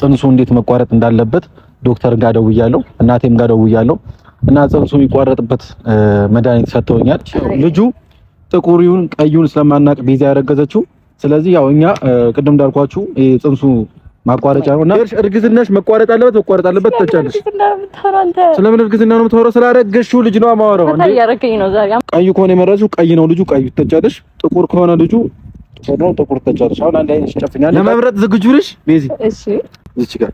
ጽንሱ እንዴት መቋረጥ እንዳለበት ዶክተር ጋር ደውያለሁ፣ እናቴም ጋር ደውያለሁ እና ጽንሱ የሚቋረጥበት መድኃኒት ሰጥተውኛል። ልጁ ጥቁሪውን ቀዩን ስለማናቅ ቤዛ ያረገዘችው ስለዚህ ያው እኛ ቅድም እንዳልኳችሁ ጽንሱ ማቋረጫ እና እርግዝናሽ መቋረጥ አለበት መቋረጥ አለበት ተቻለሽ። ስለምን እርግዝና ነው የምታወራው? ስላረገሽው ልጅ ነው የማወራው። ቀዩ ከሆነ የመረዝሽው ቀይ ነው ልጁ ቀዩ ተቻለሽ። ጥቁር ከሆነ ልጁ ጥቁር ተጫለሽ። አሁን አንድ አይነት ለመምረጥ ዝግጁ ነሽ እሺ እዚች ጋር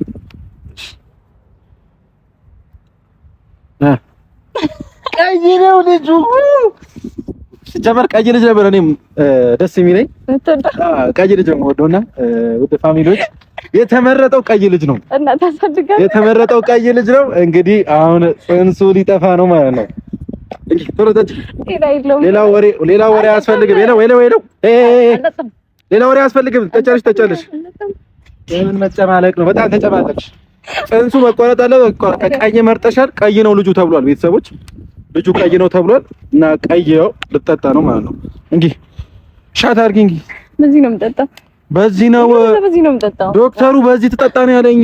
ቀይ ነው ልጁ። ቀይ ልጅ ነበር እኔም ደስ የሚለኝ ቀይ ልጅ ነው ወደውና ወደ ፋሚሊዎች የተመረጠው ቀይ ልጅ ነው። የተመረጠው ቀይ ልጅ ነው። እንግዲህ አሁን ጽንሱ ሊጠፋ ነው ማለት ነው። ሌላ ወሬ አያስፈልግም። ሌላ ወሬ አያስፈልግም። ተጨርሽ ተጨርሽ መጨማለቅ ነው? በጣም ተጨማለቅሽ። ጽንሱ መቆረጥ አለ። ቀይ መርጠሻል። ቀይ ነው ልጁ ተብሏል። ቤተሰቦች ልጁ ቀይ ነው ተብሏል እና ቀይ ልጠጣ ነው ማለት ነው። እንግዲህ ሻት አድርጊ። እንግዲህ በዚህ ነው የምጠጣው። በዚህ ነው ዶክተሩ በዚህ ትጠጣ ነው ያለኝ።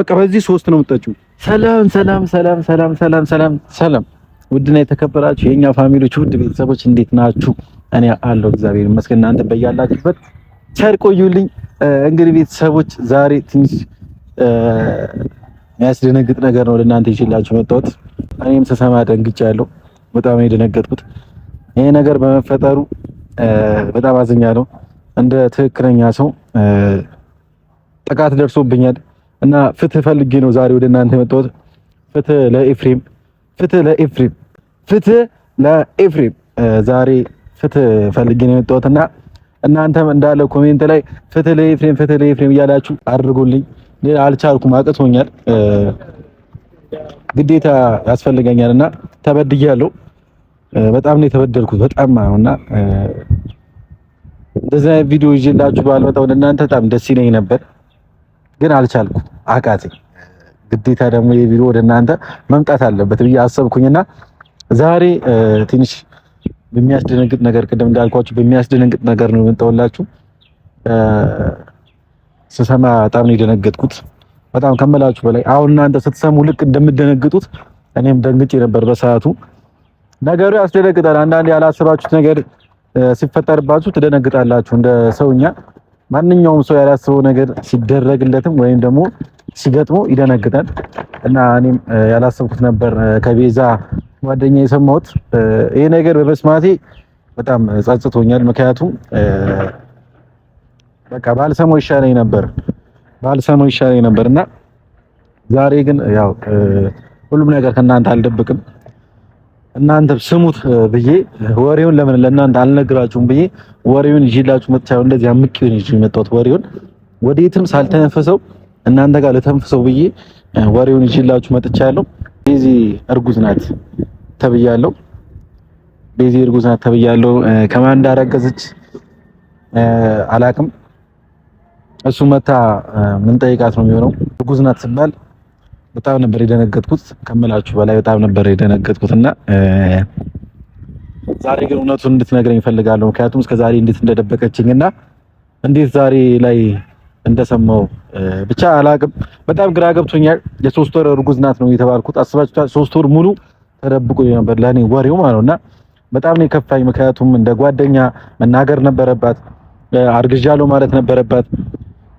በቃ በዚህ ሶስት ነው የምጠጪው። ሰላም ሰላም ሰላም ሰላም ሰላም ሰላም ሰላም ውድና የተከበራችሁ የኛ ፋሚሊዎች ውድ ቤተሰቦች እንዴት ናችሁ? እኔ አለሁ እግዚአብሔር ይመስገን። እናንተ በያላችሁበት ቸር ቆዩልኝ። እንግዲህ ቤተሰቦች ዛሬ ትንሽ የሚያስደነግጥ ነገር ነው ለእናንተ ይዤላችሁ መጣሁት። እኔም ስሰማ ደንግጫለሁ። በጣም የደነገጥኩት። ይሄ ነገር በመፈጠሩ በጣም አዝኛለሁ። እንደ ትክክለኛ ሰው ጥቃት ደርሶብኛል እና ፍትህ ፈልጌ ነው ዛሬ ወደ እናንተ የመጣሁት። ፍትህ ለኤፍሬም ፍትህ ለኤፍሬም ፍትህ ለኤፍሬም። ዛሬ ፍትህ ፈልጌ ነው የመጣሁትና እናንተም እንዳለ ኮሜንት ላይ ፍትህ ለኤፍሬም ፍትህ ለኤፍሬም እያላችሁ አድርጉልኝ። ሌላ አልቻልኩም፣ አቅቶኛል፣ ግዴታ ያስፈልገኛልና ተበድያለሁ። በጣም ነው የተበደልኩት፣ በጣም ነውና እንደዚህ አይነት ቪዲዮ ይዤላችሁ ባልመጣው ወደ እናንተ በጣም ደስ ይለኝ ነበር፣ ግን አልቻልኩም፣ አቃተኝ። ግዴታ ደግሞ የቢሮ ወደ እናንተ መምጣት አለበት ብዬ አሰብኩኝና ዛሬ ትንሽ በሚያስደነግጥ ነገር ቅድም እንዳልኳችሁ በሚያስደነግጥ ነገር ነው የምንጠውላችሁ። ስሰማ በጣም ነው የደነገጥኩት። በጣም ከመላችሁ በላይ አሁን እናንተ ስትሰሙ ልክ እንደምደነግጡት እኔም ደንግጬ ነበር በሰዓቱ። ነገሩ ያስደነግጣል። አንዳንድ ያላሰባችሁት ነገር ሲፈጠርባችሁ ትደነግጣላችሁ። እንደ ሰውኛ ማንኛውም ሰው ያላሰበው ነገር ሲደረግለትም ወይም ደግሞ ሲገጥሞ ይደነግጣል እና እኔም ያላሰብኩት ነበር ከቤዛ ጓደኛ የሰማሁት። ይሄ ነገር በመስማቴ በጣም ጸጽቶኛል። ምክንያቱም በቃ ባልሰሞ ይሻለኝ ነበር ባልሰሞ ይሻለኝ ነበር እና ዛሬ ግን ያው ሁሉም ነገር ከእናንተ አልደብቅም። እናንተ ስሙት ብዬ ወሬውን ለምን ለእናንተ አልነግራችሁም ብዬ ወሬውን ይዤላችሁ መጥቻለሁ። እንደዚህ አምቄውን ይዤ መጣሁት። ወሬውን ወዴትም ሳልተነፈሰው እናንተ ጋር ልተንፍሰው ብዬ ወሬውን ይዤላችሁ መጥቻለሁ። ቤዚ እርጉዝ ናት ተብያለሁ። ቤዚ እርጉዝ ናት ተብያለሁ። ከማን እንዳረገዘች አላቅም። እሱ መታ ምን ጠይቃት ነው የሚሆነው። እርጉዝ ናት ሲባል በጣም ነበር የደነገጥኩት ከምላችሁ በላይ በጣም ነበር የደነገጥኩት እና ዛሬ ግን እውነቱን እንድትነግረኝ እፈልጋለሁ። ምክንያቱም እስከዛሬ እንዴት እንደደበቀችኝ እና እንዴት ዛሬ ላይ እንደሰማው ብቻ አላቅም። በጣም ግራ ገብቶኛል። የሶስት ወር እርጉዝ ናት ነው የተባልኩት። አስባችሁታል? ሶስት ወር ሙሉ ተደብቆ ነበር ለኔ ወሬው ማለት ነውና በጣም ነው የከፋኝ። ምክንያቱም እንደ ጓደኛ መናገር ነበረባት፣ አርግዣለሁ ማለት ነበረባት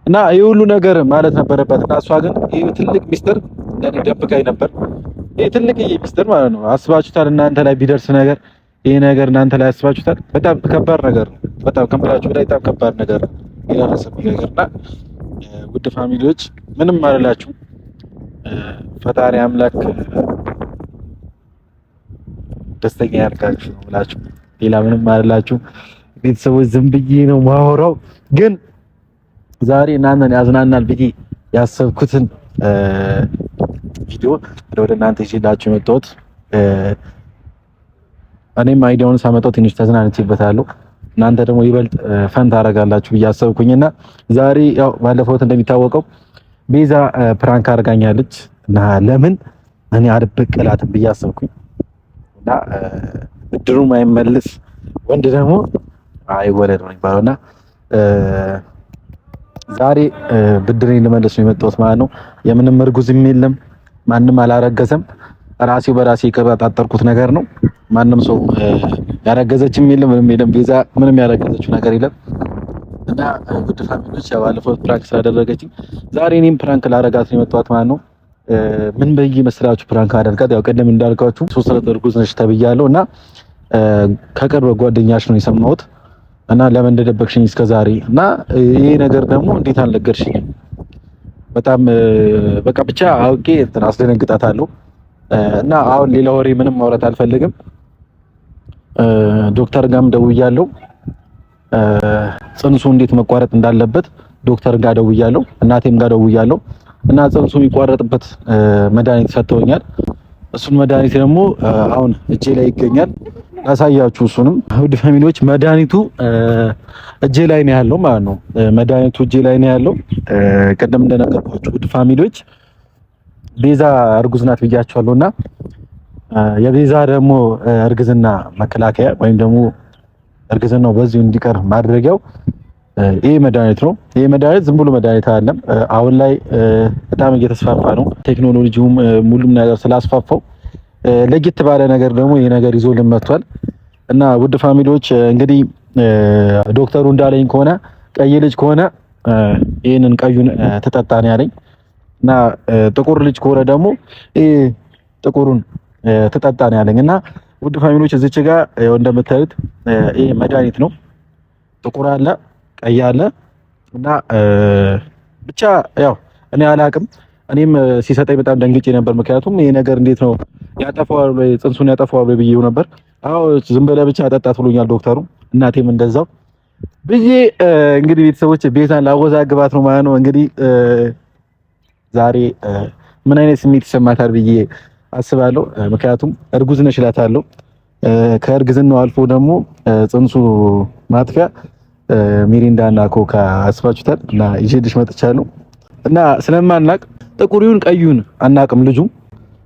እና ይህ ሁሉ ነገር ማለት ነበረባት እና እሷ ግን ይህ ትልቅ ሚስጥር ለኔ ደብቃኝ ነበር። ይህ ትልቅ ሚስጥር ማለት ነው። አስባችሁታል? እናንተ ላይ ቢደርስ ነገር ይህ ነገር እናንተ ላይ አስባችሁታል? በጣም ከባድ ነገር ነው። በጣም ከምራችሁ በላይ በጣም ከባድ ነገር ነው። የደረሰብኝ ነገር እና ውድ ፋሚሊዎች ምንም አልላችሁ። ፈጣሪ አምላክ ደስተኛ ያርጋችሁ ነው ብላችሁ ሌላ ምንም አልላችሁ። ቤተሰቦች ዝም ብዬ ነው ማወራው፣ ግን ዛሬ እናንተን ያዝናናል ብዬ ያሰብኩትን ቪዲዮ ወደ እናንተ ይዤላችሁ የመጣሁት እኔም አይዲያውን ሳመጣው ትንሽ ተዝናንቼበታለሁ። እናንተ ደግሞ ይበልጥ ፈን ታደርጋላችሁ ብዬ አሰብኩኝና ዛሬ ያው ባለፈውት እንደሚታወቀው ቤዛ ፕራንክ አድርጋኛለች እና ለምን እኔ አልበቀላትም ብዬ አሰብኩኝ እና እድሩ ማይመልስ ወንድ ደግሞ አይወለድ ነው የሚባለው እና ዛሬ ብድሬን ልመልስ ነው የመጣሁት ማለት ነው። የምንም እርጉዝም የለም ማንም አላረገዘም። ራሴው በራሴ የቀጣጠርኩት ነገር ነው። ማንም ሰው ያረገዘችም የለም ምንም የለም። ቤዛ ምንም ያረገዘችው ነገር የለም። እና ውድ ፋሚሊዎች ባለፈው ፕራንክ ስላደረገችኝ ዛሬ እኔም ፕራንክ ላረጋት ነው የመጣሁት ማለት ነው። ምን በይ መስላችሁ ፕራንክ አደርጋት? ያው ቀደም እንዳልኳችሁ ሶስት ዕለት እርጉዝ ነች ተብያለሁ እና ከቅርብ ጓደኛሽ ነው የሰማሁት እና ለምን እንደደበቅሽኝ እስከ ዛሬ እና ይሄ ነገር ደግሞ እንዴት አልነገርሽኝም? በጣም በቃ ብቻ አውቄ እንትን አስደነግጣታለሁ እና አሁን ሌላ ወሬ ምንም ማውራት አልፈልግም። ዶክተር ጋም ደውያለሁ። ጽንሱ እንዴት መቋረጥ እንዳለበት ዶክተር ጋር ደውያለሁ፣ እናቴም ጋር ደውያለሁ እና ጽንሱ የሚቋረጥበት መድኃኒት ሰጥተውኛል። እሱን መድኃኒት ደግሞ አሁን እጄ ላይ ይገኛል ያሳያችሁ እሱንም ውድ ፋሚሊዎች መድኃኒቱ እጄ ላይ ነው ያለው ማለት ነው። መድኃኒቱ እጄ ላይ ነው ያለው። ቅድም እንደነገርኳችሁ ውድ ፋሚሊዎች ቤዛ እርጉዝ ናት ብያቸዋለሁ እና የቤዛ ደግሞ እርግዝና መከላከያ ወይም ደግሞ እርግዝናው በዚሁ እንዲቀር ማድረጊያው ይህ መድኃኒት ነው። ይህ መድኃኒት ዝም ብሎ መድኃኒት አይደለም። አሁን ላይ በጣም እየተስፋፋ ነው። ቴክኖሎጂውም ሙሉም ነገር ስላስፋፋው ለየት ባለ ነገር ደግሞ ይህ ነገር ይዞልን መጥቷል እና ውድ ፋሚሊዎች እንግዲህ ዶክተሩ እንዳለኝ ከሆነ ቀይ ልጅ ከሆነ ይህንን ቀዩን ተጠጣን ያለኝ እና ጥቁር ልጅ ከሆነ ደግሞ ጥቁሩን ትጠጣ ነው ያለኝ። እና ውድ ፋሚሊዎች እዚች ጋር እንደምታዩት ይሄ መድኃኒት ነው። ጥቁር አለ፣ ቀይ አለ እና ብቻ ያው እኔ አላቅም። እኔም ሲሰጠኝ በጣም ደንግጬ ነበር። ምክንያቱም ይሄ ነገር እንዴት ነው ያጠፋዋል ወይ ጽንሱን ያጠፋዋል ወይ ብዬው ነበር። አዎ ዝም ብለህ ብቻ ጠጣት ብሎኛል ዶክተሩ፣ እናቴም እንደዛው ብዬ እንግዲህ ቤተሰቦች ቤዛን ላወዛግባት ነው ማለት ነው። እንግዲህ ዛሬ ምን አይነት ስሜት ይሰማታል ብዬ አስባለሁ። ምክንያቱም እርጉዝ ነሽ እላታለሁ። ከእርግዝናው አልፎ ደግሞ ጽንሱ ማጥፊያ ሚሪንዳ እና ኮካ አስባችሁታል እና ይዤልሽ መጥቻለሁ እና ስለማናቅ ጥቁሪውን ቀዩን አናቅም ልጁ።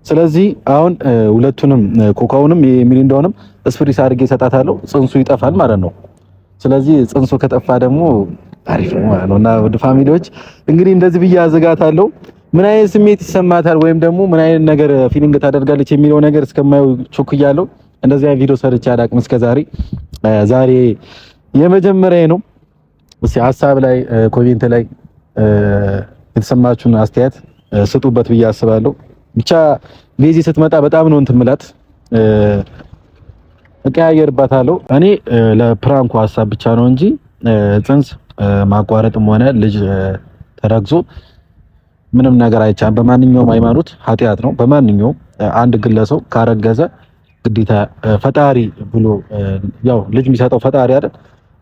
ስለዚህ አሁን ሁለቱንም ኮካውንም የሚሪንዳውንም ስፕሪስ አድርጌ እሰጣታለሁ። ጽንሱ ይጠፋል ማለት ነው። ስለዚህ ጽንሱ ከጠፋ ደግሞ አሪፍ ነው ማለት ነው እና ወደ ፋሚሊዎች እንግዲህ እንደዚህ ብዬ አዘጋታለሁ። ምን አይነት ስሜት ይሰማታል ወይም ደግሞ ምን አይነት ነገር ፊሊንግ ታደርጋለች የሚለው ነገር እስከማየው ቾክ እያለሁ እንደዚህ አይነት ቪዲዮ ሰርቼ አላውቅም እስከዛሬ። ዛሬ የመጀመሪያ ነው። እስኪ ሀሳብ ላይ ኮሜንት ላይ የተሰማችሁን አስተያየት ስጡበት ብዬ አስባለሁ። ብቻ ቤዚ ስትመጣ በጣም ነው እንትን ምላት እቀያየርባታለሁ። እኔ ለፕራንኩ ሀሳብ ብቻ ነው እንጂ ጽንስ ማቋረጥም ሆነ ልጅ ተረግዞ ምንም ነገር አይቻልም። በማንኛውም ሃይማኖት ኃጢአት ነው። በማንኛውም አንድ ግለሰው ካረገዘ ግዴታ ፈጣሪ ብሎ ያው ልጅ የሚሰጠው ፈጣሪ አይደል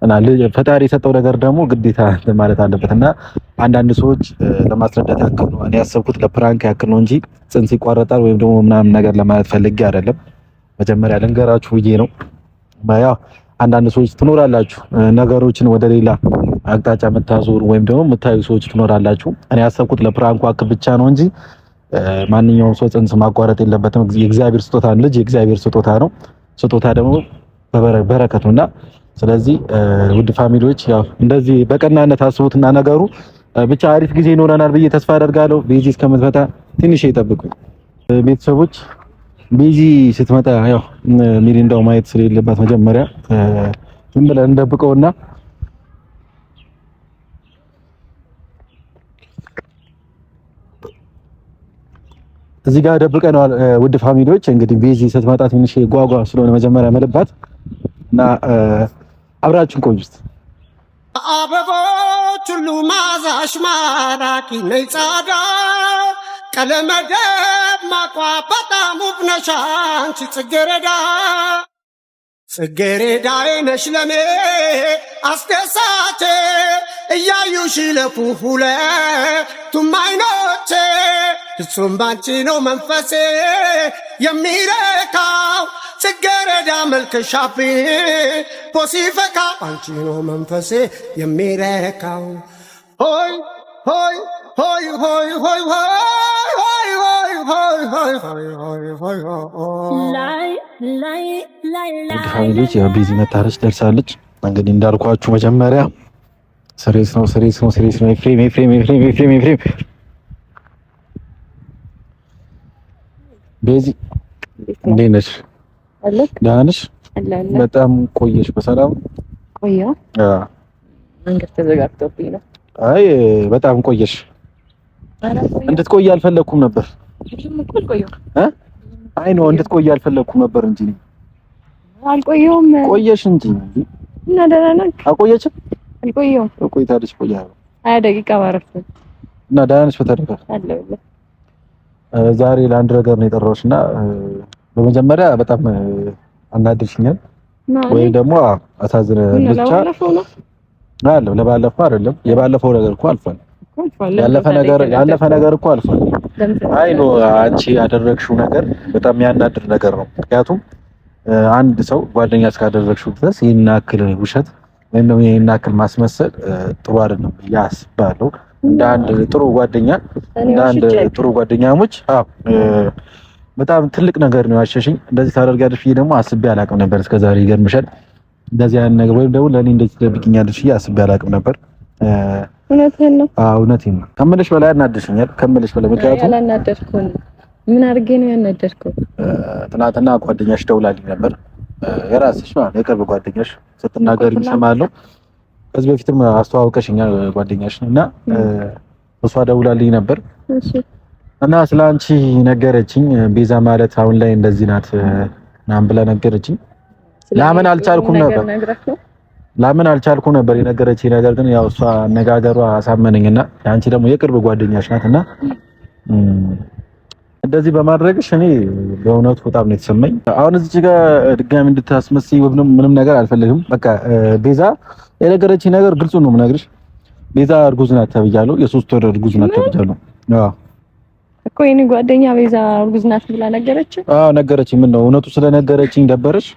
እና ፈጣሪ የሰጠው ነገር ደግሞ ግዴታ ማለት አለበት እና አንዳንድ ሰዎች ለማስረዳት ያክል ነው እኔ ያሰብኩት ለፕራንክ ያክል ነው እንጂ ጽንስ ይቋረጣል ወይም ደግሞ ምናምን ነገር ለማለት ፈልጌ አይደለም። መጀመሪያ ልንገራችሁ ብዬ ነው። ያው አንዳንድ ሰዎች ትኖራላችሁ ነገሮችን ወደ ሌላ አቅጣጫ የምታዞሩ ወይም ደግሞ የምታዩ ሰዎች ትኖራላችሁ። እኔ ያሰብኩት ለፕራንኩ አክ ብቻ ነው እንጂ ማንኛውም ሰው ጽንስ ማቋረጥ የለበትም። የእግዚአብሔር ስጦታ ልጅ የእግዚአብሔር ስጦታ ነው። ስጦታ ደግሞ በረከት እና ስለዚህ ውድ ፋሚሊዎች ያው እንደዚህ በቀናነት አስቡትና ነገሩ ብቻ አሪፍ ጊዜ ይኖረናል ብዬ ተስፋ አደርጋለሁ። ቤዚ እስከምትመጣ ትንሽ ይጠብቁኝ ቤተሰቦች። ቤዚ ስትመጣ ያው ሚሪንዳው ማየት ስለሌለባት መጀመሪያ ዝም ብለን እንደብቀውና እዚህ ጋር ደብቀነዋል። ውድ ፋሚሊዎች እንግዲህ ቤዚ ስትመጣ ትንሽ ጓጓ ስለሆነ መጀመሪያ መልባት እና አብራችን ቆዩት። አበቦች ሁሉ ማዛሽ ማራኪ ነይ ጻዳ ቀለመ ደማቋ በጣም ውብ ነሽ አንቺ ጽጌረዳ ጽጌረዳዬ ነሽ ለኔ አስደሳቼ እያዩሽ ለፉፉለ ቱም አይኖቼ እሱም ባንቺ ነው መንፈሴ የሚረካው ጽጌረዳ መልክሻቢ ቦሲፈካ ባንቺ ነው መንፈሴ የሚረካው ሆይ ሆይ ሆይ ሆይ ሆይ ሆይ ሆይ ቤዚ መታረች ደርሳለች። እንግዲህ እንዳልኳችሁ መጀመሪያ ስሬስ ነው ስሬስ ነው ስሬስ ነው ኤፍሬም ኤፍሬም ኤፍሬም ኤፍሬም ኤፍሬም ቤዚ እንዴት ነሽ? ደህና ነሽ? በጣም ቆየሽ። በሰላም ቆየሁ። መንገድ ተዘጋግቶብኝ ነው። አይ በጣም ቆየሽ። እንድትቆይ አልፈለኩም ነበር። አይ ነው እንድትቆይ አልፈለኩም ነበር እንጂ አልቆየሁም። ቆየሽ እንጂ እና ደህና ነህ? አልቆየችም። አልቆየሁም። ቆይታለች። ቆያ ሀያ ደቂቃ ማረፍ እና ደህና ነሽ? በተረፈ አለሁልህ ዛሬ ለአንድ ነገር ነው የጠራሁሽ እና በመጀመሪያ በጣም አናደድሽኛል፣ ወይም ደግሞ አሳዝነ ብቻ አለ ለባለፈው አይደለም የባለፈው ነገር እኮ አልፏል። ያለፈ ነገር ያለፈ ነገር እኮ አልፏል። አይ ኖ አንቺ ያደረግሽው ነገር በጣም ያናድድ ነገር ነው። ምክንያቱም አንድ ሰው ጓደኛ እስካደረግሽው ድረስ ይህን ያክል ውሸት ወይም ደግሞ ይህን ያክል ማስመሰል ጥሩ አይደለም ያስባለው እንደ አንድ ጥሩ ጓደኛ እንደ አንድ ጥሩ ጓደኛሞች አዎ በጣም ትልቅ ነገር ነው ያሸሽኝ። እንደዚህ ታደርጋለሽ ብዬ ደግሞ አስቤ አላቅም ነበር እስከዛሬ። ይገርምሻል እንደዚህ አይነት ነገር ወይም ደግሞ ለእኔ እንደዚህ ትደብቅኛለሽ ብዬ አስቤ አላቅም ነበር። እውነትህን ነው? አዎ እውነቴን ነው። ከምልሽ በላይ አናደሽኛል። ከምልሽ በላይ ምክንያቱም አላናደድኩም። ምን አድርጌ ነው ያናደድኩት? ትናንትና ጓደኛሽ ደውላልኝ ነበር፣ የራስሽ የቅርብ ጓደኛሽ ስትናገር ይሰማለሁ ከዚህ በፊትም አስተዋውቀሽኛል ጓደኛሽን እና እሷ ደውላልኝ ነበር እና ስለ አንቺ ነገረችኝ። ቤዛ ማለት አሁን ላይ እንደዚህ ናት ናም ብላ ነገረችኝ። ላምን አልቻልኩም ነበር ላምን አልቻልኩም ነበር የነገረችኝ ነገር ግን ያው እሷ አነጋገሯ አሳመነኝና አንቺ ደግሞ የቅርብ ጓደኛሽ ናት እና እንደዚህ በማድረግሽ እኔ በእውነቱ በጣም ነው የተሰማኝ። አሁን እዚህ ጋር ድጋሚ እንድታስመስይ ምንም ነገር አልፈልግም። በቃ ቤዛ የነገረች ነገር ግልጹ ነው የምነግርሽ። ቤዛ እርጉዝ ናት ተብያለሁ። የሶስት ወር እርጉዝ ናት ተብያለሁ እኮ የኔ ጓደኛ ቤዛ እርጉዝ ናት ብላ ነገረች። አዎ ነገረች። ምን ነው እውነቱ ስለነገረችኝ ደበረች።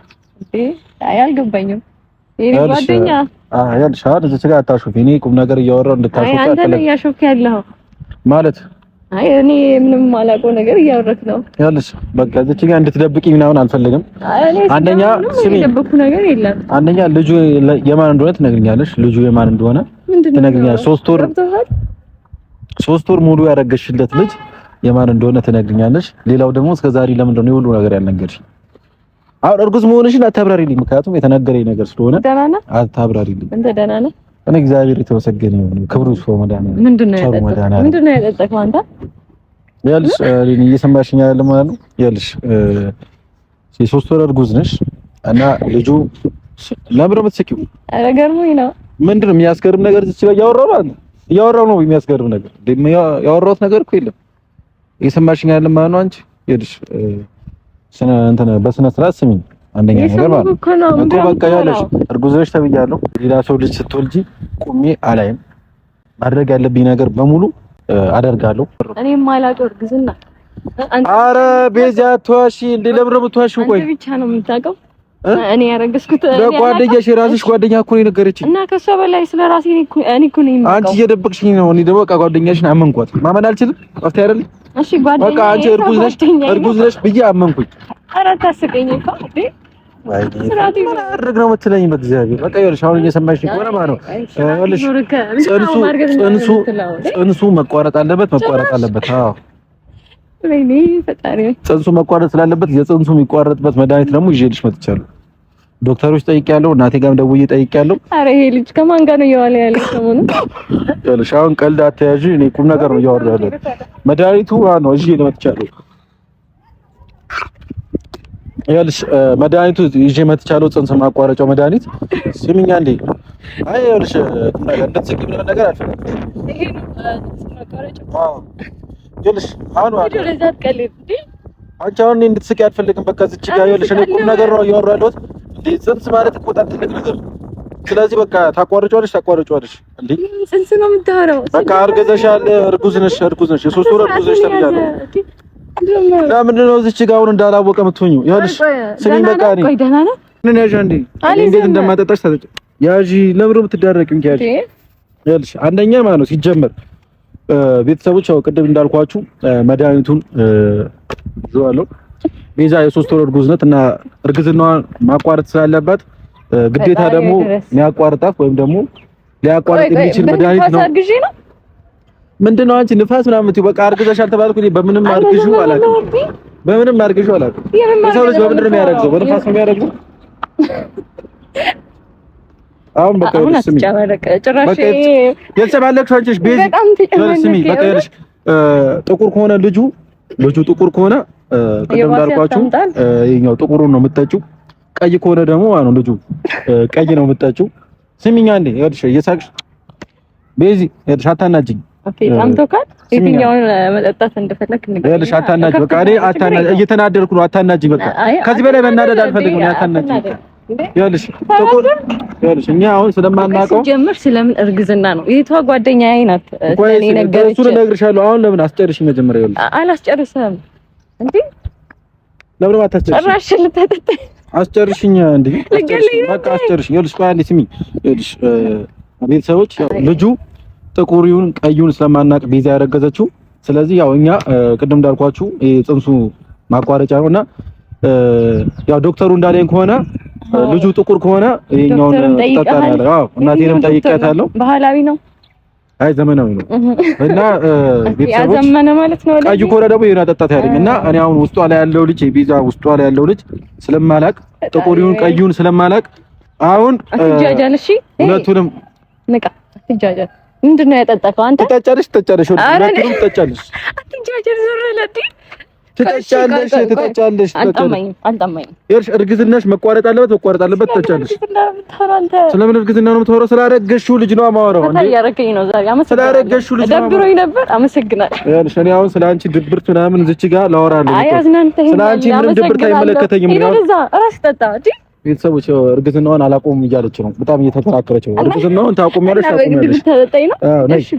አይ አልገባኝም። የኔ ጓደኛ አይ ያልሽ አይደል? እዚህ ጋር አታሾፊ። እኔ ቁም ነገር እያወራሁ እንድታሾፊ አንተ ነህ እያሾፍክ ያለኸው ማለት አይ እኔ ምንም ማላውቀው ነገር እያወራክ ነው ያለሽ። በቃ እዚህ ጋር እንድትደብቂኝ ምናምን አልፈልግም። አንደኛ ስሚ፣ የደብኩ ነገር የለም። አንደኛ ልጁ የማን እንደሆነ ትነግሪኛለሽ። ልጁ የማን እንደሆነ ትነግሪኛለሽ። ሶስት ወር ሶስት ወር ሙሉ ያረገሽለት ልጅ የማን እንደሆነ ትነግሪኛለሽ። ሌላው ደግሞ እስከ ዛሬ ለምንድን ነው የሁሉ ነገር ያልነገርሽ? አሁን እርጉዝ መሆንሽን አታብራሪልኝ፣ ምክንያቱም የተነገረኝ ነገር ስለሆነ አታብራሪልኝ። እንደ ደህና ነው እኔ እግዚአብሔር የተመሰገነ ይሁን። ክብሩ ይስፋ። መድኃኒዓለም ምንድነው ነው ያጠጣኸው? ምንድን ነው ያጠጣኸው አንተ? ይኸውልሽ እየሰማሽኝ ያለ ማለት ነው። ያልሽ የሶስት ወር እርጉዝ ነሽ እና ልጁ ለምንድን ነው የምትስቂው? ኧረ ገርሞኝ ነው። ምንድን ነው የሚያስገርም ነገር ትችላለህ? እያወራሁ ማለት ነው። እያወራሁ ነው። የሚያስገርም ነገር ያወራሁት ነገር እኮ የለም። እየሰማሽኝ ያለ ማለት ነው። አንቺ ይኸውልሽ ስነ እንትን በስነ ስርዓት ስሚኝ አንደኛ ነገር ማለት ነው እኮ በቃ ያለሽ እርጉዝ ነሽ ተብያለሁ። ሌላ ሰው ልጅ ስትወልጂ ቁሜ አላይም። ማድረግ ያለብኝ ነገር በሙሉ አደርጋለሁ። እኔ ማላውቅ እርግዝና። አረ ቤዛ ተዋሺ እንዴ! ለምን ነው ቆይ አንተ ብቻ ነው የምታውቀው። እኔ ያረገዝኩት ለጓደኛሽ የራስሽ ጓደኛ እኮ ነው የነገረችኝ። እና ከሷ በላይ ስለ ራሴ እኔ እኮ ነኝ። አንቺ እየደበቅሽኝ ነው። እኔ ደግሞ በቃ ጓደኛሽን አመንኳት። ማመን አልችልም። አፍታ አይደል? እሺ ጓደኛዬ በቃ አንቺ እርጉዝ ነሽ እርጉዝ ነሽ ብዬ አመንኩኝ። አረ ታስቀኝ እኮ ማድረግ ነው የምትለኝ? በእግዚአብሔር በቃ ይኸውልሽ፣ አሁን እየሰማሽኝ ከሆነ ማለት ነው ጽንሱ መቋረጥ አለበት፣ መቋረጥ አለበት። አዎ ጽንሱ መቋረጥ ስላለበት የጽንሱ የሚቋረጥበት መድኃኒት ደግሞ ይዤልሽ መጥቻለሁ። ዶክተሮች ጠይቄያለሁ፣ እናቴ ጋርም ደውዬ ጠይቄያለሁ። ኧረ ይሄ ልጅ ከማን ጋር ነው እያዋለ ያለ ሰሞኑን? ይኸውልሽ፣ አሁን ቀልድ አትያዢ፣ እኔ ቁም ነገር ነው እያወራሁ ያለሁት። መድኃኒቱ ነው ይዤ መጥቻለሁ ይኸውልሽ መድኃኒቱ ይዤ መጥቻለሁ። ጽንስ ማቋረጫው መድኃኒት ሲሚኛ እንዴ! አይ ይኸውልሽ ነገር እንደዚህ ግብረ ነገር አልፈልግም። ይሄ ነው ጽንስ አዎ ይኸውልሽ አሁን አንቺ አሁን እንድትስቂ አልፈልግም። በቃ እዚህ ጋር ይኸውልሽ እኔ ቁም ነገር ነው እያወራሁ ያለሁት። እንዴ ጽንስ ማለት እኮ በጣም ትልቅ ነገር ስለዚህ በቃ ታቋርጫለሽ፣ ታቋርጫለሽ። እንዴ ጽንስ ነው የምታወራው? በቃ አርገዘሻል፣ እርጉዝ ነሽ፣ እርጉዝ ነሽ፣ የሶስት ወር እርጉዝ ነሽ ተብያለሁ ለምንድን ነው እዚች ጋር አሁን እንዳላወቀ የምትሆኙ? ይኸውልሽ ስሚኝ፣ በቃ እኔ ያዥ አንዴ እንዴት እንደማጠጣሽ ታጠጭ። ያዥ። ለምሮ ብትዳረቂው እንጂ ያዥ። ይኸውልሽ አንደኛ ማለት ነው ሲጀመር ቤተሰቦች ያው ቅድም እንዳልኳችሁ መድኃኒቱን ይዘዋለሁ። ቤዛ የሶስት ወር እርጉዝ ናት እና እርግዝናዋን ማቋረጥ ስላለባት ግዴታ ደግሞ የሚያቋርጣት ወይም ደግሞ ሊያቋርጥ የሚችል መድኃኒት ነው ምንድን ነው አንቺ ንፋስ ምናምን የምትይው? በቃ አርግዘሻል ተባልኩ። በምንም አርግዢው አላውቅም፣ በምንም አርግዢው አላውቅም። የሰው ልጅ በምንድን ነው የሚያረግዘው? በንፋስ ነው የሚያረግዘው። አሁን በቃ ስሚ፣ በቃ የተጨማለቅሽ አንቺ ቤዛ። ስሚ በቃ ይኸውልሽ፣ ጥቁር ከሆነ ልጁ ልጁ ጥቁር ከሆነ ቅድም እንዳልኳችሁ ይኸኛው ጥቁሩን ነው የምትጠጪው። ቀይ ከሆነ ደግሞ ማለት ነው ልጁ ቀይ ነው የምትጠጪው። ስሚኛ እንዴ፣ ይኸውልሽ፣ እየሳቅሽ ቤዚ፣ ይኸውልሽ አታናጅኝ ጣምቶካል የትኛውን መጠጣት እንደፈለክ ነው። አታናጅ፣ በቃ ከዚህ በላይ መናደድ አልፈልግም። አታናጅ፣ እኛ አሁን ስለማናውቀው ጀምር። ስለምን እርግዝና ነው? የቷ ጓደኛዬ ናት ስለኔ ነገረች። አሁን ለምን አስጨርሽ? መጀመሪያ ይኸውልሽ፣ እንዴ? ለምን አታስጨርሽ? ጭራሽ እንዴ? በቃ አስጨርሽ። ይኸውልሽ፣ ቆይ አንዴ ስሚኝ። ይኸውልሽ፣ ቤተሰቦች ልጁ ጥቁር ይሁን ቀዩን ስለማናቅ ቤዛ ያረገዘችው። ስለዚህ ያው እኛ ቅድም እንዳልኳችሁ ጽንሱ ማቋረጫ ነው እና ያው ዶክተሩ እንዳለኝ ከሆነ ልጁ ጥቁር ከሆነ ይሄኛውን ተጣጣለ። አዎ እናቴንም ጠይቄያታለሁ። ባህላዊ ነው አይ ዘመናዊ ነው እና ቤተሰቦች ያዘመነ ማለት ነው። ቀይ ከሆነ ደግሞ ይሄን አጠጣት ያለኝ እና እኔ አሁን ውስጧ ላይ ያለው ልጅ የቤዛ ውስጧ ላይ ያለው ልጅ ስለማላቅ ጥቁር ይሁን ቀዩን ስለማላቅ አሁን አትጃጃል። እሺ ሁለቱንም ንቃ አትጃጃል ምንድን ነው ያጠጣከው አንተ? ትጠጫለሽ ትጠጫለሽ ትጠጫለሽ ትጠጫለሽ ትጠጫለሽ። እርግዝናሽ መቋረጥ አለበት መቋረጥ አለበት። ትጠጫለሽ። ስለምን እርግዝና ነው የምታወራው? ስላረገሽው ልጅ ነው የማወራው። ደብሮኝ ነበር። አመሰግናለሁ። እኔ አሁን ስለ አንቺ ድብርት ምናምን እዚች ጋር ላወራለሁ። ስለ አንቺ ምንም ድብርት አይመለከተኝም። ቤተሰቦች እርግዝናዋን አላቆምም እያለች ነው። በጣም እየተከራከረች ነው። እርግዝናዋን ታቆሚያለሽ፣ ታቆሚያለሽ። እሺ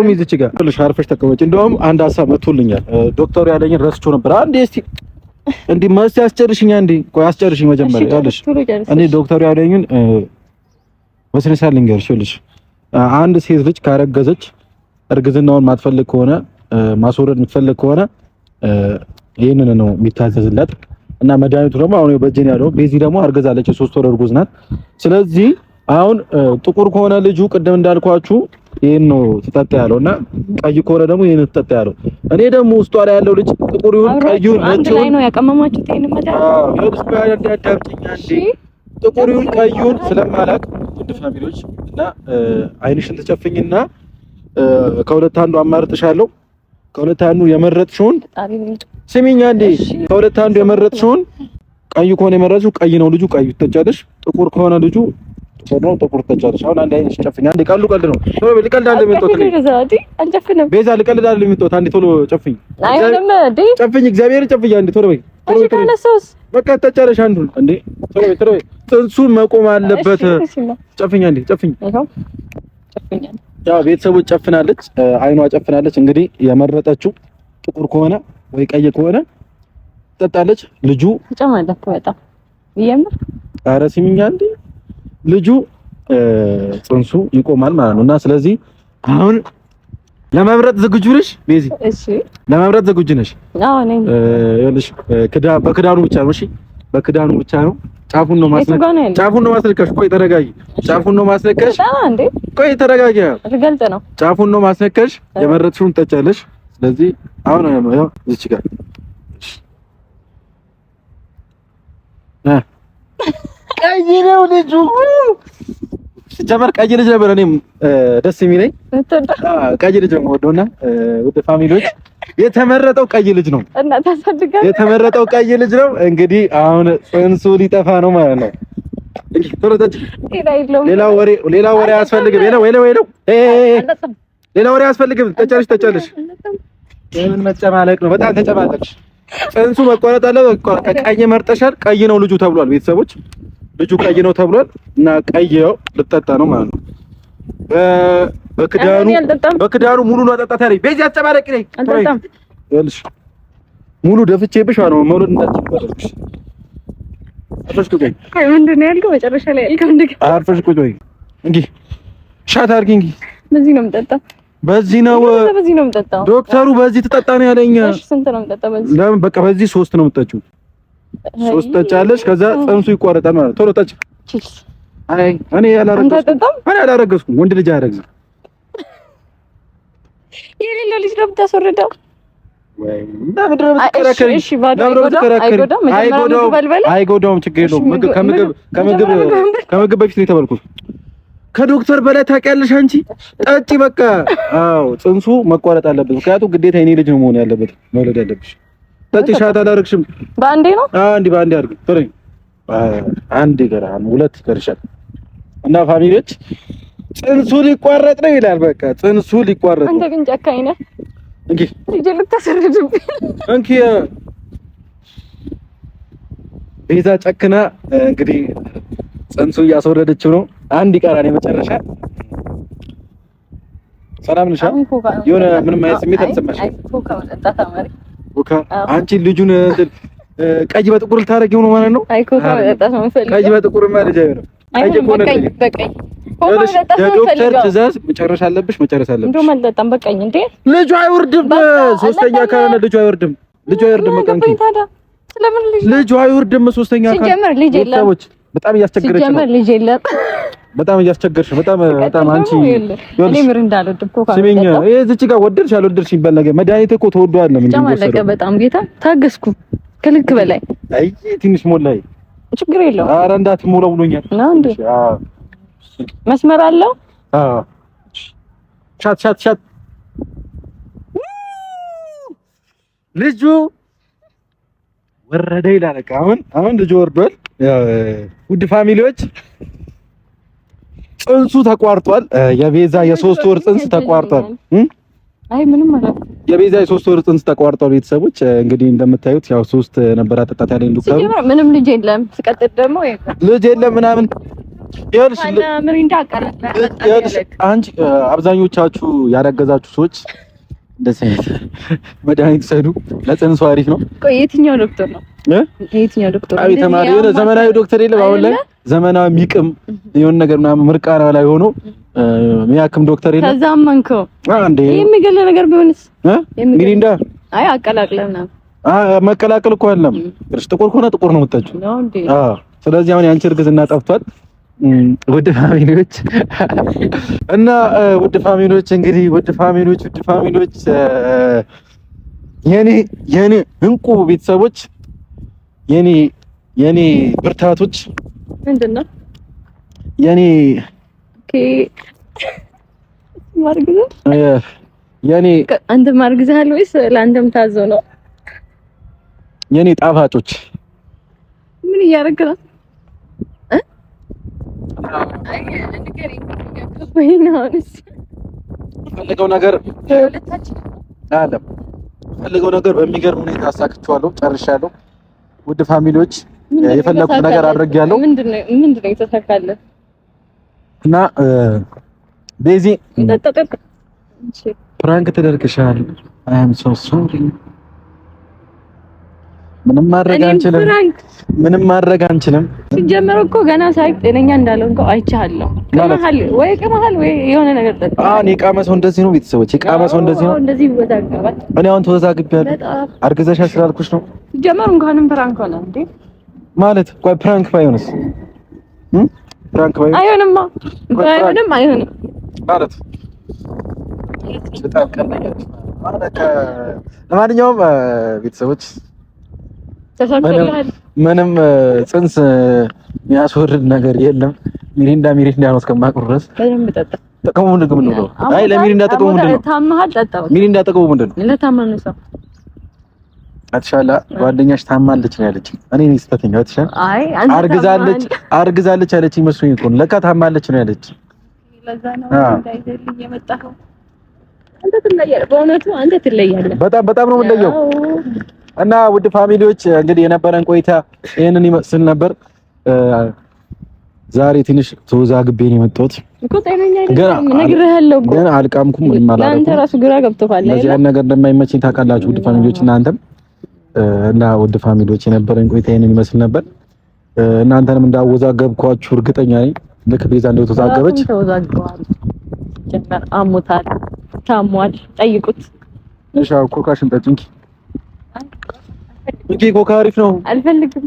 ቁሚ፣ እዚች ጋር አርፈሽ ተቀመጭ። እንደውም አንድ ሀሳብ መቶልኛል። ዶክተሩ ያለኝን ረስቼው ነበር። አንዴ እስቲ እንዲህ መስ ያስጨርሽኛ፣ እንዴ ቆይ አስጨርሽኝ መጀመሪያ ያለሽ። እኔ ዶክተሩ ያለኝን በስነ ልንገርሽ። ይኸውልሽ አንድ ሴት ልጅ ካረገዘች እርግዝናውን ማትፈልግ ከሆነ ማስወረድ የምትፈልግ ከሆነ ይህንን ነው የሚታዘዝላት። እና መድኃኒቱ ደግሞ አሁን በእጄን ያለው ቤዚ ደግሞ አርገዛለች፣ ሶስት ወር እርጉዝ ናት። ስለዚህ አሁን ጥቁር ከሆነ ልጁ ቅድም እንዳልኳችሁ ይህን ነው ትጠጣ ያለው እና ቀይ ከሆነ ደግሞ ይህን ትጠጣ ያለው። እኔ ደግሞ ውስጧ ላይ ያለው ልጅ ጥቁር ይሁን ቀይ ይሁን አንድ ላይ ነው ያቀመማችሁት። ይሄን ጥቁር ይሁን ቀይ ይሁን ስለማላውቅ ውድ ፋሚሊዎች እና አይንሽን ትጨፍኝና ከሁለት አንዱ አማርጥሻለሁ። ከሁለት አንዱ የመረጥሽውን ስሚኛ እንዴ ከሁለት አንዱ የመረጥሽውን ቀይ ከሆነ የመረጥሽው ቀይ ነው ልጁ ቀይ ትጠጫለሽ። ጥቁር ከሆነ ልጁ ሰድሮ ጥቁር ትጠጫለሽ። አሁን አንድ አይነት ጨፍኝ። አንዴ ቀልዱ ቀልድ ነው። ቶሎ በል ቀልድ አይደለም የምትወጣው ቤዛ፣ ልቀልድ አይደለም የምትወጣው። አንዴ ቶሎ ጨፍኝ። አይሆንም እንዴ ጨፍኝ፣ እግዚአብሔር ጨፍኝ። አንዴ ቶሎ በል በቃ ትጠጫለሽ። አንዱ እንዴ ቶሎ በል ቶሎ በል፣ ጥንሱ መቆም አለበት። ጨፍኝ፣ አንዴ ጨፍኝ። ያው ቤተሰቦች ጨፍናለች፣ አይኗ ጨፍናለች። እንግዲህ የመረጠችው ጥቁር ከሆነ ወይ ቀይ ከሆነ ጠጣለች። ልጁ ትጨማለህ እኮ በጣም ይየምር። ኧረ ስሚኝ ልጁ ጽንሱ ይቆማል ማለት ነው። እና ስለዚህ አሁን ለመምረጥ ዝግጁ ነሽ ቤዚ? እሺ ለመምረጥ ዝግጁ ነሽ? አዎ ነኝ። እሺ ይኸውልሽ በክዳኑ ብቻ ነው። እሺ በክዳኑ ብቻ ነው። ጫፉን ነው ማስለቀሽ። ጫፉን ነው ማስለቀሽ። ቆይ ተረጋጊ። ጫፉን ነው ማስለቀሽ። ቆይ ተረጋጊ። ልገልጥ ነው። ጫፉን ነው ማስለቀሽ። የመረጥሽውን ጠጫለሽ ስለዚህ አሁን ያው እዚች ጋር ቀይ ነው ልጁ። ጀመር ቀይ ልጅ ነበር። እኔም ደስ የሚለኝ ቀይ ልጅ ነው ወደውና ወደ ፋሚሊዎች የተመረጠው ቀይ ልጅ ነው የተመረጠው ቀይ ልጅ ነው። እንግዲህ አሁን ጽንሱ ሊጠፋ ነው ማለት ነው። ሌላ ወሬ ሌላ ወሬ አያስፈልግም። ሌላ ወሬ አያስፈልግም። ተጨርሽ ተጨርሽ የምን መጨማለቅ ነው? በጣም ተጨማለቅሽ። ጽንሱ መቋረጥ አለ። ቀይ መርጠሻል። ቀይ ነው ልጁ ተብሏል። ቤተሰቦች ልጁ ቀይ ነው ተብሏል እና ቀይ ያው ልጠጣ ነው ማለት ነው። በክዳኑ በክዳኑ ሙሉ ነው አጠጣት ያለኝ በዚህ አጨማለቅ ላይ ይኸውልሽ፣ ሙሉ ደፍቼብሽ ነው መውለድ እንዳትበለሽ። አርፈሽ ቁጭ በይ። ምንድን ነው ያልከው? መጨረሻ ላይ ያልከው እንደ አርፈሽ ቁጭ በይ። እንግዲህ ሻት አድርጊ። እንግዲህ በዚህ ነው የምጠጣው በዚህ ነው ዶክተሩ በዚህ ትጠጣ ነው ያለኝ። ለምን በቃ በዚህ ሶስት ነው የምጠጪው። ሶስት ጠጫለሽ፣ ከዛ ጽንሱ ይቋረጣል ማለት ቶሎ ጠጪ። አይ እኔ ያላረገዝኩም ወንድ ልጅ አያረግዝም። የሌለው ልጅ ነው የምታስወርደው። አይጎዳውም፣ ችግር የለውም። ከምግብ በፊት ነው የተባልኩት ከዶክተር በላይ ታውቂያለሽ አንቺ። ጠጪ በቃ። አዎ ጽንሱ መቋረጥ አለበት። ምክንያቱም ግዴታ የኔ ልጅ ነው መሆን ያለበት መውለድ ያለብሽ። ጠጪ። ሻት አላደረግሽም። በአንዴ ነው። አንዴ በአንዴ አድርግ። ፍሬ አንዴ ገራ ሁለት ገርሻል እና ፋሚሊዎች ጽንሱ ሊቋረጥ ነው ይላል። በቃ ጽንሱ ሊቋረጥ አንተ ግን ጨካኝ ነህ። እንኪ ልጅ ልታሰርድብኝ። እንኪ ቤዛ ጨክና እንግዲህ ጽንሱ እያስወረደችው ነው አንድ ይቀራል የመጨረሻ ሰላም ነሽ? የሆነ ምንም አይነት ስሜት አልተሰማሽም? አንቺ ልጁን ቀይ በጥቁር ልታረጊ ነው ማለት ነው? አይ ኮካ ነው ቀይ በጥቁር ማለት ትዕዛዝ መጨረሻ አለብሽ፣ መጨረሻ አለብሽ። በቃኝ። እንዴ ልጁ አይወርድም። ሶስተኛ ካልሆነ ልጁ አይወርድም። ልጁ አይወርድም። ልጁ አይወርድም። ሶስተኛ ካልሆነ በጣም እያስቸገረች ነው። በጣም እያስቸገርሽ፣ በጣም በጣም አንቺ እኔ ምር እንዳልወድ እኮ ስሚኝ፣ እዚች ጋር ወደድሽ አልወደድሽ ይባል ነገር መድኃኒት እኮ ተወዶ አይደለም እንዴ? አለቀ። በጣም ጌታ ታገስኩ ከልክ በላይ። አይ ትንሽ ሞላይ፣ ችግር የለውም። ኧረ እንዳት ሞላው ብሎኛል። መስመር አለው። አዎ፣ ሻት ሻት ሻት። ልጁ ወረደ ይላል። አሁን አሁን ልጁ ወርዷል። ውድ ፋሚሊዎች ጽንሱ ተቋርጧል። የቤዛ የሶስት ወር ጽንስ ተቋርጧል። አይ ምንም ማለት የቤዛ የሶስት ወር ጽንስ ተቋርጧል። ቤተሰቦች እንግዲህ እንደምታዩት ያው ሶስት ነበር አጠጣት ያለኝ ዶክተር ምንም ልጅ የለም ስቀጥል ደግሞ ልጅ የለም ምናምን ይኸውልሽ አንቺ አብዛኞቻችሁ ያረገዛችሁ ሰዎች እንደዚህ አይነት መድኃኒት ሰዱ ለጽንሱ አሪፍ ነው። ቆይ የትኛው ዶክተር ነው የትኛው ዶክተር? የሆነ ዘመናዊ ዶክተር የለም አሁን ላይ ዘመናዊ የሚቅም የሆነ ነገር ምናምን ምርቃና ላይ ሆኖ የሚያክም ዶክተር የለም። ከዛም መንከው አንዴ የሚገለ ነገር ቢሆንስ እንግዲህ እንዳ አይ አቀላቅለና መቀላቀል እኮ አለም እርሽ ጥቁር ከሆነ ጥቁር ነው የምታችሁ። አዎ ስለዚህ አሁን የአንቺ እርግዝና ጠፍቷል። ውድ ፋሚሊዎች እና ውድ ፋሚሊዎች እንግዲህ ውድ ፋሚሊዎች ውድ ፋሚሊዎች የኔ የኔ እንቁ ቤተሰቦች የኔ የኔ ብርታቶች ምንድን የኔ ኦኬ የኔ አንተ ማርግዘሃል ወይስ ለአንተም ታዘው ነው? የኔ ጣፋጮች ምን እያደረግህ ነው? ፈልገው ነገር ፈልገው ነገር በሚገርም ሁኔታ አሳክቼዋለሁ፣ ጨርሻለሁ። ውድ ፋሚሊዎች የፈለኩ ነገር አድርጌያለሁ። ምንድነው የተሳካለ እና ዴዚ ፕራንክ ተደርገሻል። አይ አም ሶ ሶሪ ምንም ማድረግ አንችልም። ምንም ማድረግ አንችልም። ሲጀመር እኮ ገና ሳይቅ ጤነኛ እንዳለው እንኳን አይቻለሁ። ከመሀል ወይ ከመሀል ወይ የሆነ ነገር ጠጥ አሁን የቃመ ሰው እንደዚህ ነው። ቤተሰቦች የቃመ ሰው እንደዚህ ነው። እንደዚህ ይወዛገባል። እኔ አሁን ተወዛግቤያለሁ። አርግዘሻ ስላልኩሽ ነው። ሲጀመር እንኳንም ፕራንክ ሆነ እንዴ ማለት ቆይ፣ ፕራንክ ባይሆንስ? ፕራንክ ባይሆን አይሆንማ፣ ባይሆንም አይሆንም ማለት በጣም ቀናኛለች። ለማንኛውም ቤተሰቦች ምንም ጽንስ የሚያስወርድ ነገር የለም። ሚሪንዳ ሚሪንዳ ነው እስከማውቀው ድረስ ጥቅሙ ምንድን ነው? አይ ለሚሪንዳ ጥቅሙ ምንድን ነው? ሚሪንዳ ጥቅሙ ምንድን ነው? አትሻላ ጓደኛሽ ታማለች ነው ያለችኝ። እኔ ነኝ ስተተኛ አትሻል። አርግዛለች አርግዛለች አለችኝ መስሎኝ እኮ ለካ ታማለች ነው ያለችኝ። በጣም በጣም ነው የምለየው እና ውድ ፋሚሊዎች እንግዲህ የነበረን ቆይታ ይህንን ይመስል ነበር። ዛሬ ትንሽ ተወዛግቤ ነው የመጣሁት። ግን አልቃምኩም። አንተ ራሱ ግራ ገብቶሃል። ለዚህ ነገር እንደማይመችኝ ታውቃላችሁ ውድ ፋሚሊዎች እናንተም እና ውድ ፋሚሊዎች የነበረን ቆይታ ይህንን ይመስል ነበር። እናንተንም እንዳወዛገብኳችሁ እርግጠኛ ነኝ። ልክ ቤዛ እንደተወዛገበች አሞታል፣ ታሟል፣ ጠይቁት። እሺ ኮካሽን ጠጪ እንዴ ኮካ አሪፍ ነው። አልፈልግም።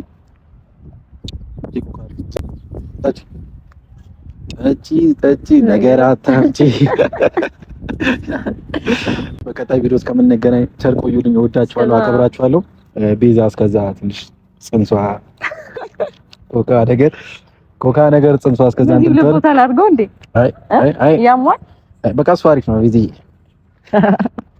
ጠጪ ጠጪ ነገር አታምጪ። በቀጣይ ቪዲዮ እስከምንገናኝ ቸር ቆዩልኝ። እወዳችኋለሁ፣ አከብራችኋለሁ። ቤዛ እስከዛ ትንሽ ጽንሷ ኮካ ነገር ኮካ ነገር ጽንሷ እስከዛ እንትን ቦታ ላድርገው እንዴ? አይ አይ ያሟል። በቃ እሱ አሪፍ ነው ቤዛ